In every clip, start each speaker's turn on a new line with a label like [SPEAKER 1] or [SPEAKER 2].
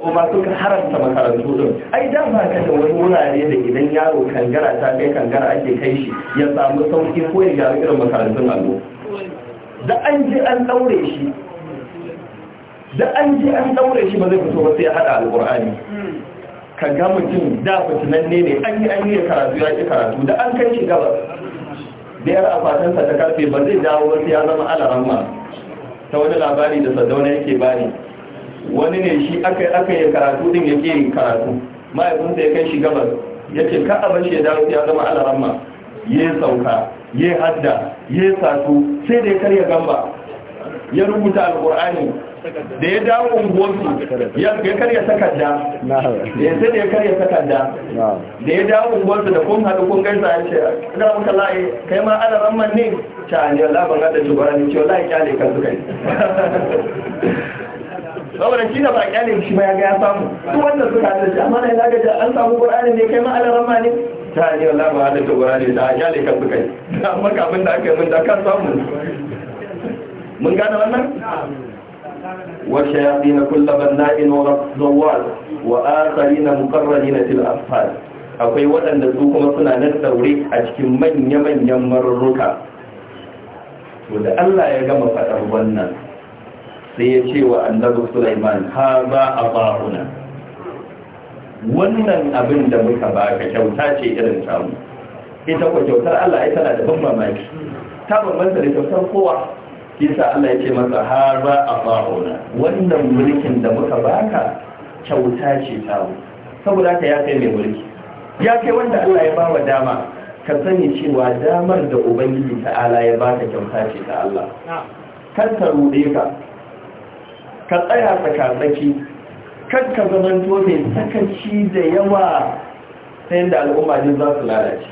[SPEAKER 1] kuma suka haramta makarantu din ai da ba ka da wani wurare da idan yaro kangara ta kai kangara ake kai shi ya samu sauki ko ya irin makarantun allo da an ji an daure shi da an ji an daure shi ba zai fito ba sai ya hada alqur'ani ka ga mutum da fitinanne ne an yi an yi karatu ya ki karatu da an kai shi gaba da yar afatansa ta karfe ba zai dawo ba sai ya zama alaramma ta wani labari da sadauna yake bani wani ne shi aka aka yi karatu din yake yin karatu mahaifinsa ya kai shi gabas yace ka abin shi ya dawo ya zama alaramma ya sauka ya hadda ya sasu sai da ya karya gamba ya rubuta alqur'ani da ya dawo su, ya karya takarda ya sai da ya karya takarda da ya dawo su da kun haɗu kun gaisa ya ce ina muka layi kai ma ana ramman ne ta ne Allah ban hada shugaba ne ce wala ya kyale kan suka yi saboda shi da ba ne shi ba ya ga ya samu su wanda suka da shi amma na ga an samu qur'ani ne kai ma alaran ma ne ta ne wallahi ba hada qur'ani da kyale kan suka yi amma kafin da aka mun da kan samu mun gane wannan والشياطين كل بناء وغوال وآخرين مقرنين في الأصفاد akwai waɗanda su kuma suna nan daure a cikin manya-manyan marurruka to da Allah ya gama faɗar wannan sai ya ce wa annabi Sulaiman ha za a ba'una wannan abin da muka baka kyauta ce irin samu ita ko kyautar Allah ya tana da ban mamaki ta bambanta da kyautar kowa kisa Allah ya ce masa ha za a ba'una wannan mulkin da muka baka kyauta ce mu. saboda ka ya kai mai mulki ya kai wanda Allah ya bawa dama ka sani cewa damar da ubangiji ta'ala ya ba ta kyauta ce ta Allah kan ka ka ka tsaya tsakatsaki kan ka zamanto mai sakaci da yawa ta da al'umma ne za su lalace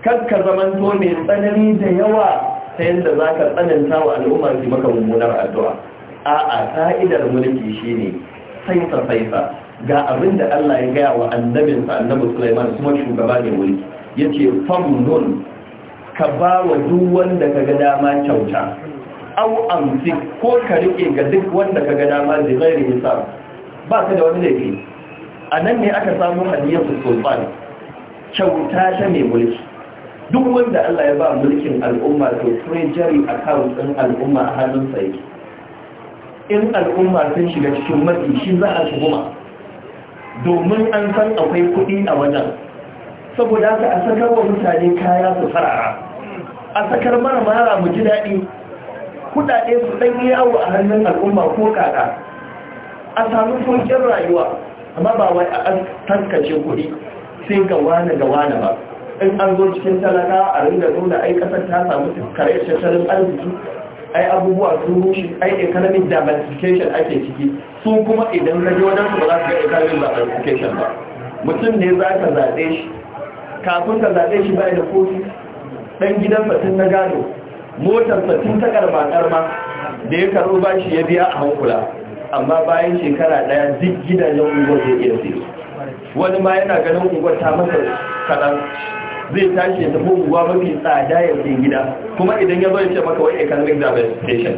[SPEAKER 1] kanka ka zamanto mai tsanani da yawa ta da za ka tsananta wa al'umma su maka mummunar addu'a a'a ta'idar mulki shi shine saifa saifa ga abin da Allah ya gaya wa annabinsa annabi Sulaiman kuma shugaba ne mulki yace famnun ka ba wa duk wanda ka ga dama kyauta au amsi ko ka rike ga duk wanda ka ga dama da zai isa ba ka da wani laifi a nan ne aka samu hadiyatu sultan kyauta ta mai mulki duk wanda Allah ya ba mulkin al'umma to treasury account din al'umma a hannunsa yake in al'umma sun shiga cikin matsi shi za a tuhuma domin an san akwai kuɗi a wajen saboda haka a sakar wa mutane kaya su farara a sakar mara mara mu ji daɗi kudade su dan yawo a hannun al'umma ko kaka a samu sauƙin rayuwa amma ba wai a tankace kuɗi sai ga wani ga wani ba in an zo cikin talaka a ringa nuna ai kasar ta samu kare tattalin arziki ai abubuwa sun rushe ai economic diversification ake ciki su kuma idan rage wajen su ba za su ga economic diversification ba mutum ne za ka zaɓe shi kafin ka zaɓe shi bai da kofi ɗan gidan fatin na gado motarsa tun ta karma karba da ya karo bashi ya biya a hankula amma bayan shekara daya duk gidajen unguwar zai iya sai wani ma yana ganin unguwar ta masa kaɗan zai tashi ya tafi unguwa mafi tsada ya fi gida kuma idan ya zo ya ce maka wai economic diversification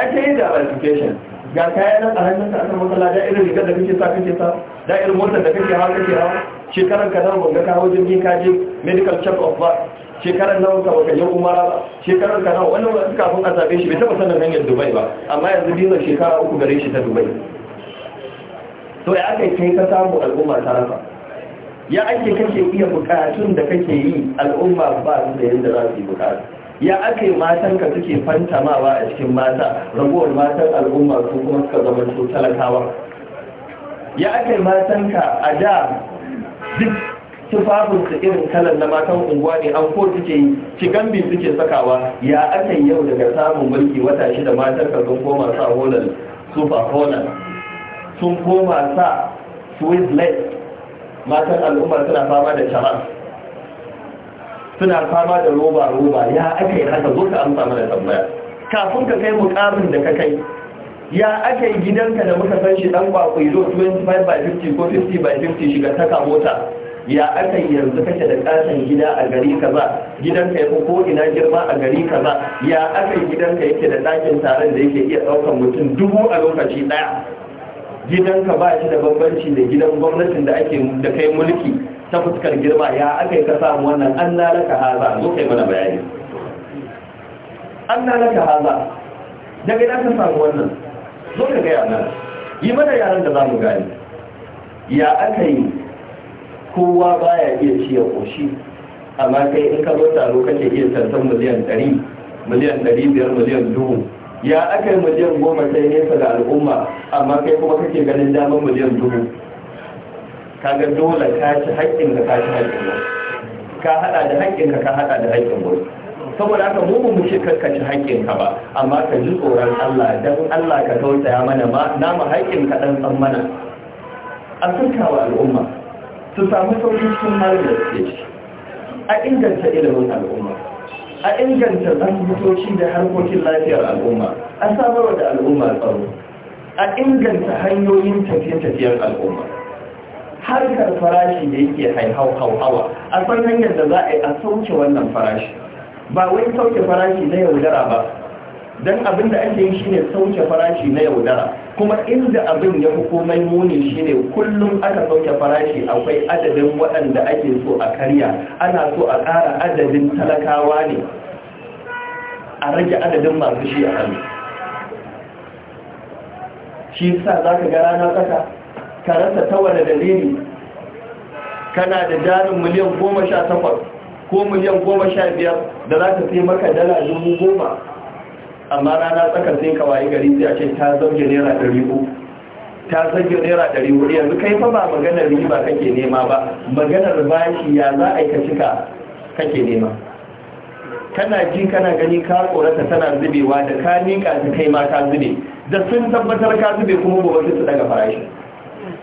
[SPEAKER 1] an ta yi diversification ga kayan nan a hannun ta akan matsala da irin rigar da kake sa kake sa da irin motar da kake hawa kake hawa shekarar ka zama ga kawo jirgin kaji medical check of shekarar nawa ka baka yau umara ba shekarar ka nawa wannan wani kafin a zabe shi bai taba sanin hanyar dubai ba amma yanzu bizar shekara uku gare shi ta dubai to ya aka kai ka samu al'umma ta rafa ya ake kake iya bukatun da kake yi al'umma ba su da yadda za su yi bukatu ya aka matan ka suke fantamawa a cikin mata ragowar matan al'umma su kuma suka zama su talakawa ya aka matanka a da duk tufafin su irin kalan na matan unguwa ne an ko suke yi cikan suke sakawa ya aka yau daga samun mulki wata shida matan ka sun koma sa holan super holan sun koma sa swiss matan al'umma suna fama da sharan suna fama da roba roba ya aka yi haka zo ka amsa mana tambaya kafin ka kai mukamin da ka kai ya aka yi gidanka da muka san shi dan kwakwai zo 25 by 50 ko 50 by 50 shiga taka mota ya aka yanzu kake da kasan gida a gari ka Gidan ka ya ko ina girma a gari ka ba ya aka gidan ka yake da ɗakin taron da yake iya ɗaukar mutum dubu a lokaci ɗaya ka ba shi da bambanci da gidan gwamnatin da ake da kai mulki ta fuskar girma ya aka yi ka samu wannan an lalaka haza zo kai mana bayani an lalaka haza daga ina ka samu wannan zo ka gaya nan yi mana yaran da za mu gani ya aka yi kowa baya iya ci ya koshi amma kai in ka zo taro kake iya tantan miliyan ɗari miliyan ɗari biyar miliyan dubu ya aka yi miliyan goma sai nesa da al'umma amma kai kuma kake ganin damar miliyan dubu kaga dole ka ci haƙƙin ka ka ci haƙƙin ka haɗa da haƙƙin ka ka haɗa da haƙƙin wani saboda haka mu mu kar ka ci haƙƙin ka ba amma ka ji tsoron Allah dan Allah ka tausaya mana ma namu haƙƙin ka dan san mana a al'umma su samu sauƙin sun mara da suke a inganta ilimin al'umma a inganta asibitoci da harkokin lafiyar al'umma a samarwa da al'umma tsaro a inganta hanyoyin tafiye-tafiyen al'umma harkar farashi da yake haihau hauhawa a san hanyar da za a yi a sauke wannan farashi ba wai sauke farashi na yaudara ba don abin da ake yi shi ne sauke farashi na yaudara kuma inda abin ya fi komai shi ne, kullum aka sauke farashi akwai adadin waɗanda ake so a karya ana so a ƙara adadin talakawa ne a rage adadin masu shi a hannu shi sa za ka gara na tsaka ka rasa ta wane dalili kana da jarin miliyan goma sha takwas ko miliyan goma sha biyar da za ka sai maka dala dubu goma amma rana tsaka sai ka waye gari sai a ce ta zauge naira ɗari uku ta zauge naira ɗari hudu yanzu kai fa ba maganar riba kake nema ba maganar bashi ya za a yi ka cika kake nema kana ji kana gani ka korata tana zubewa da ka nika ta kai ma ka zube da sun tabbatar ka zube kuma gobe su daga farashi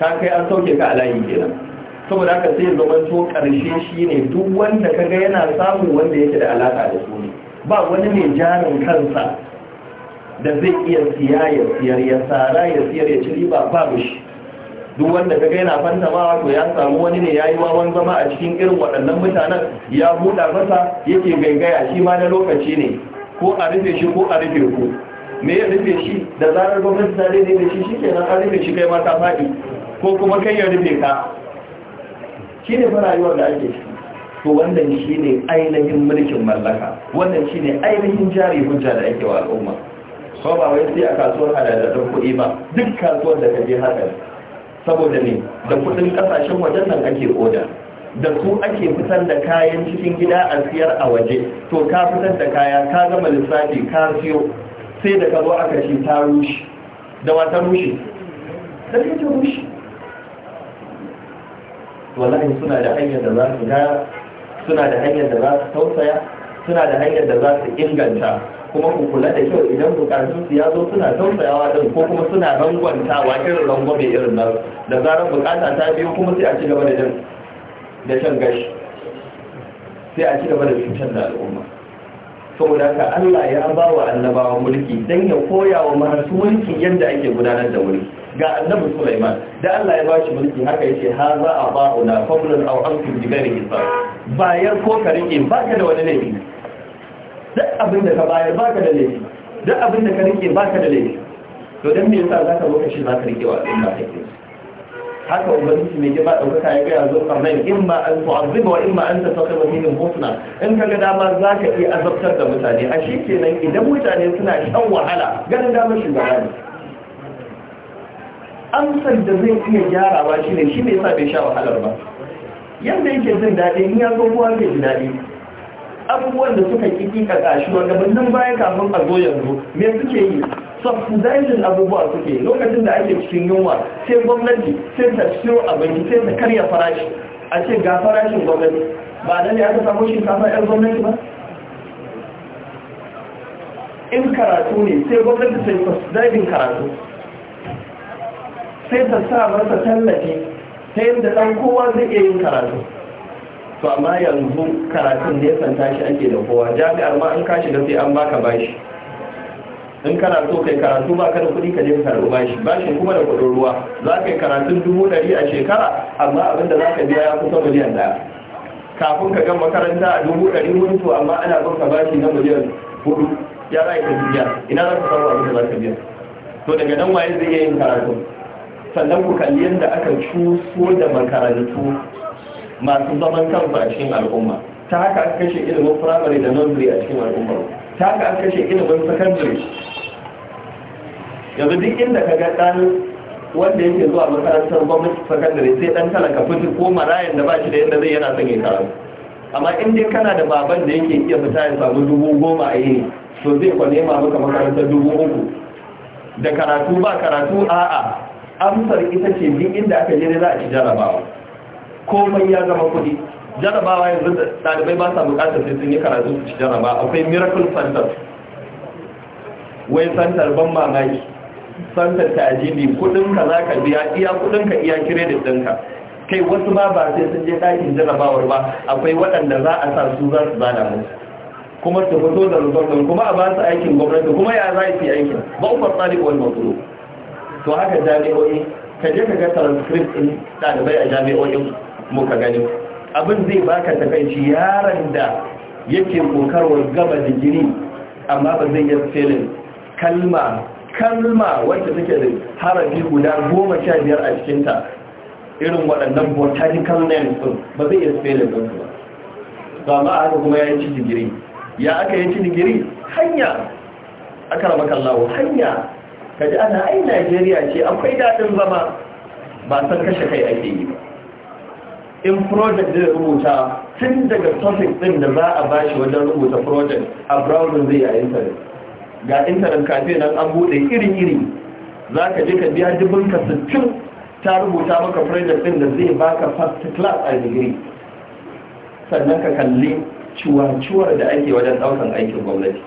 [SPEAKER 1] ka kai an sauke ka a layi kenan saboda haka sai zaman to karshe ne duk wanda kaga yana samu wanda yake da alaka da su ne ba wani mai jarin kansa da zai iya siya ya siyar ya tsara ya siyar ya ci riba babu shi duk wanda gaina yana fantamawa to ya samu wani ne yi wawan zama a cikin irin waɗannan mutanen ya buɗa masa yake gaigaya shi ma na lokaci ne ko a rufe shi ko a rufe ku me ya rufe shi da zarar gwamnati ta daidai da shi shi ke nan an rufe shi kai ma ta faɗi ko kuma kai ya rufe ka shi ne fa rayuwar da ake ciki to wannan shi ne ainihin mulkin mallaka wannan shi ne ainihin jari hujja da ake wa al'umma ba ba wai sai a kasuwar hadaddadin kuɗi ba duk kasuwar da ka je haka saboda ne da kuɗin ƙasashen wajen nan ake oda da su ake fitar da kayan cikin gida a siyar a waje to ka fitar da kaya ka gama lissafi ka siyo sai da ka zo aka ce ta rushe da wata rushe da ke ce rushe wallahi suna da hanyar da za su ga suna da hanyar da za su tausaya suna da hanyar da za su inganta kuma ku kula da kyau idan bukatun su ya zo suna tausayawa din ko kuma suna rangwantawa irin rangwame irin nan da zarar bukata ta biyo kuma sai a ci gaba da jan da shan gashi sai a ci gaba da cutar da al'umma saboda haka Allah ya ba wa annabawa mulki dan ya koya wa marasu mulkin yadda ake gudanar da mulki ga annabi Sulaiman da Allah ya ba shi mulki haka yace ha za a ba'una fadlan aw amsi bi ghairi hisab bayar ko ka rike baka da wani laifi duk abin da ka bayar ba ka da laifi duk abin da ka rike ba ka da laifi to don me sa za ka lokaci za ka rike wa ɗin ba kake haka ubangiji mai gaba ɗaukaka ya gaya zo karnai in ma an tu'azziba wa in ma an tafaqa wa fihim husna in ga dama za ka iya azabtar da mutane a shi kenan idan mutane suna shan wahala ganin damar shugaba ne amsar da zai iya gyarawa shi ne shi ne sa bai sha wahalar ba yadda yake jin daɗi in ya zo kowa zai ji daɗi abubuwan da suka kiki ka tashi wa gabanin bayan kafin a zo yanzu me suke yi subsidizing abubuwa suke lokacin da ake cikin yunwa sai gwamnati sai ta siyo abinci sai ta karya farashi a ce ga farashin gwamnati ba nan ne aka samu shinkafa yan gwamnati ba in karatu ne sai gwamnati sai subsidizing karatu sai ta sa masa tallafi ta yadda ɗan kowa zai iya yin karatu to amma yanzu karatun san tashi ake da kowa jami'ar ma an kashi da sai an baka bashi in kana so kai karatu ba kada kuɗi ka je ka karɓi bashi bashin kuma da kuɗin ruwa za ka yi karatun dubu ɗari a shekara amma abin da za ka biya ya kusa miliyan ɗaya kafin ka gan makaranta a dubu ɗari hudu amma ana bin ka bashi na miliyan hudu ya za ka biya ina za ka samu abin da za ka biya to daga nan waye zai iya yin karatu sannan ku kalli yadda aka cuso da makarantu masu zaman kansu a cikin al'umma ta haka aka kashe ilimin firamare da nursery a cikin al'umma ta haka aka kashe ilimin secondary yanzu duk inda ka ga ɗan wanda yake zuwa makarantar gwamnati secondary sai ɗan ka fiti ko marayan da ba shi da yadda zai yana son ya karatu amma in dai kana da baban da yake iya fita ya samu dubu goma a yi to zai kwane ma maka makarantar dubu uku da karatu ba karatu a'a amsar ita ce duk inda aka je za a ci jarabawa komai ya zama kuɗi jarabawa yanzu ɗalibai ba sa bukatar sai sun yi karatu su ci jaraba akwai miracle center wai santar ban mamaki santar ta ajini kudin ka za ka biya iya kudin ka iya kiredit ɗinka kai wasu ma ba sai sun je ɗakin jarabawar ba akwai waɗanda za a sa su za su zana musu kuma su fito da rubarsun kuma a ba su aikin gwamnati kuma ya za su yi aikin ba fasa tsari wani matsuro to haka jami'o'i ka je ka ga transcript ɗin ɗalibai a jami'o'in muka gani abin zai baka takaici yaron da yake kokarwar gaba digiri amma ba zai yi filin kalma kalma wacce take da harafi guda goma sha biyar a cikinta irin waɗannan botanical names ɗin ba zai yar spelling ɗin ba ba ma aka kuma ya ci digiri ya aka yi ci digiri hanya aka rama kallawo hanya ka ana ai najeriya ce akwai daɗin zama ba san kashe kai ake yi in project zai rubuta tun daga topic din da za a bashi wajen rubuta project a browsing zai yayin intanet ga intanet kafe nan an bude iri-iri za ka je ka biya dubin ka sittin ta rubuta maka project din da zai baka first class a degree sannan ka kalli ciwa-ciwar da ake wajen daukan aikin gwamnati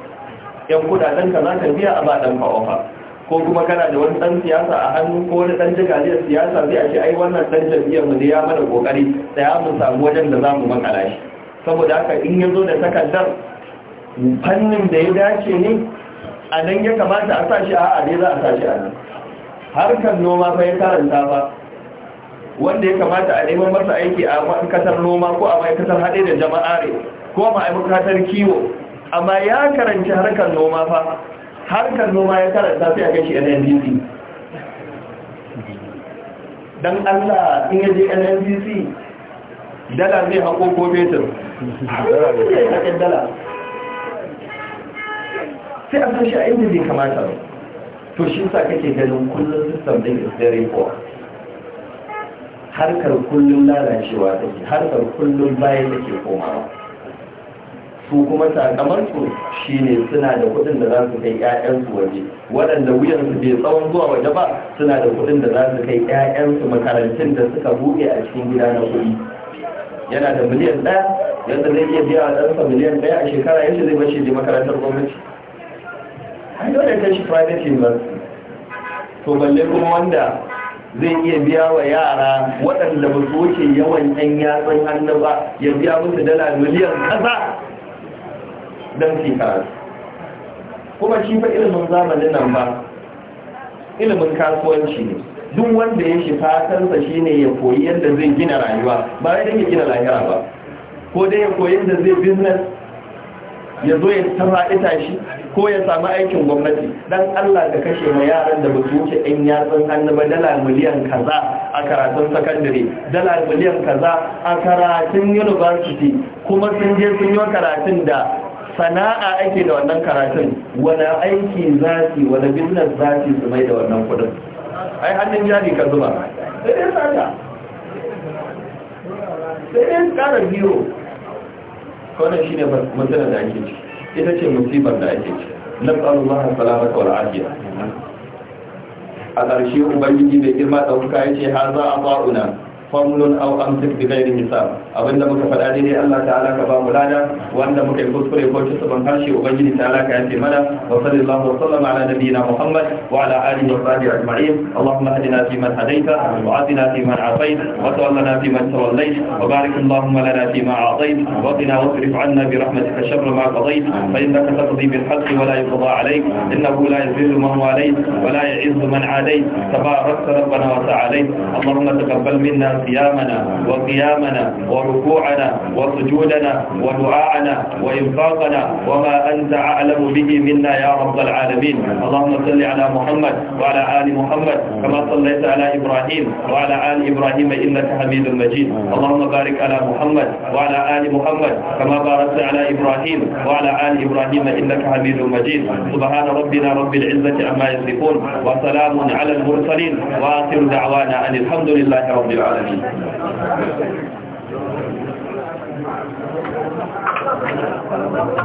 [SPEAKER 1] yan kudaden ka za ka biya a ba dan fa'ofa ko kuma kana da wani dan siyasa a hannu ko wani dan jagajiyar siyasa zai a ce ai wannan dan jam'iyyar mu ne ya mana kokari da ya mu samu wajen da zamu makala shi saboda haka in ya zo da takardar fannin da ya dace ne a nan ya kamata a sa shi a dai za a sa shi a nan harkar noma fa ya karanta ba wanda ya kamata a neman masa aiki a ma'aikatar noma ko a ma'aikatar haɗe da jama'a ko ko ma'aikatar kiwo amma ya karanci harkar noma fa harkar noma ya karanta sai a kai shi NNDC dan Allah in ya je NNDC dala zai hako ko betur dala sai a shi a inda zai kamata to shi sa kake ganin kullum system din is very poor harkar kullum lalacewa take harkar kullum baya take komawa su kuma sakamarsu shine suna da kuɗin da za su kai 'ya'yansu waje waɗanda wuyansu bai tsawon zuwa waje ba suna da kuɗin da za su kai 'ya'yansu makarantun da suka buɗe a cikin gida na kuɗi yana da miliyan ɗaya yadda zai iya biya a ɗansa miliyan ɗaya a shekara yadda zai bashi je makarantar gwamnati an yi wani kashi private university to balle kuma wanda zai iya biya wa yara waɗanda ba su wuce yawan ɗan yatsun hannu ba ya biya musu dala miliyan kaza don su kuma shi fa ilimin zamanin nan ba ilimin kasuwanci ne duk wanda ya shi fatansa shi ne ya koyi yadda zai gina rayuwa ba ya dinga gina lahira ba ko dai ya koyi yadda zai business ya zo ya tara ita shi ko ya samu aikin gwamnati dan Allah ka kashe ma yaran da basu wuce ɗan yatsun hannu ba dala miliyan kaza a karatun sakandare dala miliyan kaza a karatun university kuma sun je sun yi karatun da sana'a ake da wannan karatun wani aiki zafi wani business zafi su mai da wannan kudin ai hannun jari ka zuba sai dai sata sai dai kara biyo kawai shi ne matsalar da ake ci ita ce musibar da ake ci na tsarullahan salamata wani ajiya. a ƙarshe ubangiji bai girma ɗauka ya ce har za a ba'una فضل او امسك بغير مثال اول لما كفر ادري الله تعالى كبا ملانا وان لما كفر يقول شسر من هرشي وبجني تعالى كأنتي ملا وصل الله وسلم على نبينا محمد وعلى آله وصحبه أجمعين اللهم اهدنا في من هديت وعافنا في من عافيت وتولنا في من توليت وبارك اللهم لنا فيما أعطيت وقنا واصرف عنا برحمتك الشر ما قضيت فإنك تقضي بالحق ولا يقضى عليك إنه لا يذل من عليك ولا يعز من عليك تبارك ربنا وتعالى اللهم تقبل منا صيامنا وقيامنا وركوعنا وسجودنا ودعاءنا وإنفاقنا وما أنت أعلم به منا يا رب العالمين اللهم صل على محمد وعلى آل محمد كما صليت على إبراهيم وعلى آل إبراهيم إنك حميد مجيد اللهم بارك على محمد وعلى آل محمد كما باركت على إبراهيم وعلى آل إبراهيم إنك حميد مجيد سبحان ربنا رب العزة عما يصفون وسلام على المرسلين وآخر دعوانا أن الحمد لله رب العالمين yìí